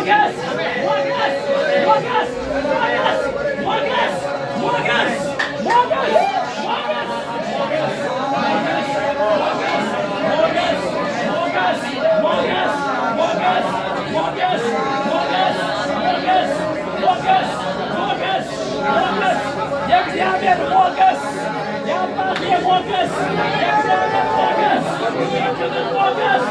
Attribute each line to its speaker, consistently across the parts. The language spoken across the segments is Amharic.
Speaker 1: Morgas! Morgas! Morgas! Morgas! Morgas! Morgas! Morgas! Mogas! Mogas! Mogas! Mogas! Mogas! Mogas! Mogas! Mogas! የእግዚአብሔር ሞገስ የአባቴ ሞገስ የእግዚአብሔር ሞገስ የክብር ሞገስ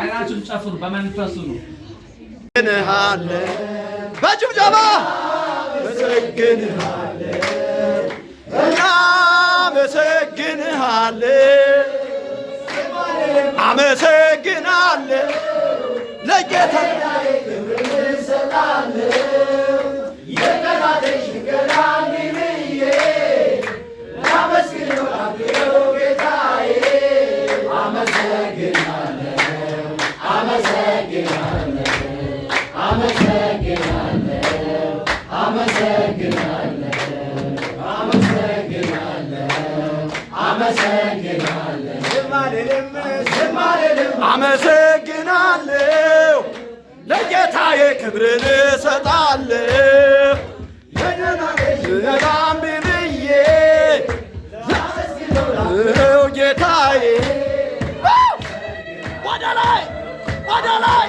Speaker 1: አይናችሁን ጨፍኑ። በመንፈሱ ነው በጭብጨባ ለጌታ ክብር የቀናተሽ ገና አመሰግናለሁ ለጌታዬ ክብርን እሰጣለሁ የደናም ብዬ ጌታዬ ወደ ላይ ወደ ላይ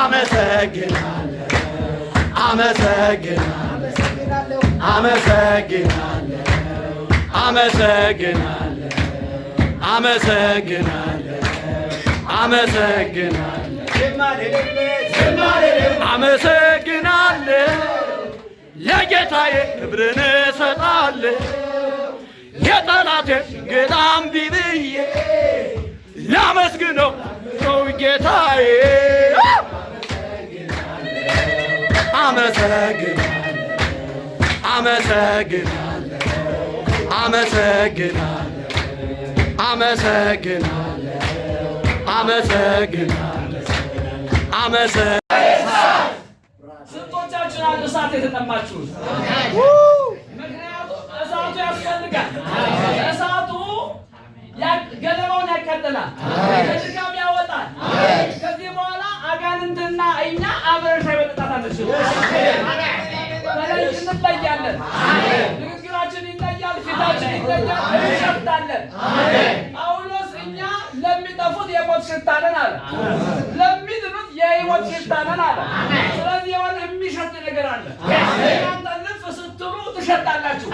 Speaker 1: አመሰግናለሁ አመሰግናለሁ አመሰግናለሁ አመሰግናለሁ አመሰግናለሁ አመሰግናለሁ አመሰግናለሁ ለጌታዬ ክብርን እሰጣለሁ የጠላቴ ግጣም ቢብዬ ላመስግነው ነው ጌታዬ አመሰግናለሁ አመሰግናለሁ አመሰግናለሁ አመሰግናለሁ ስንቶቻችን አሉ እሳት የተጠማችሁት? ምክንያቱም እሳቱ ያስፈልጋል። እሳቱ ገለባውን ያቃጥላል፣ ከድካም ያወጣል። ከዚህ በኋላ አጋንንትና እኛ አብረን ሻይ መጠጣት አንችልም። እንለያለን። እንሸታለን። ጳውሎስ እኛ ለሚጠፉት የሞት ሽታ ነን አለ፣ ለሚድኑት የሕይወት ሽታ ነን አለ። ስለዚህ የሆነ የሚሸት ነገር አለ። እናንተ ልፍ ስትሉ ትሸጣላችሁ።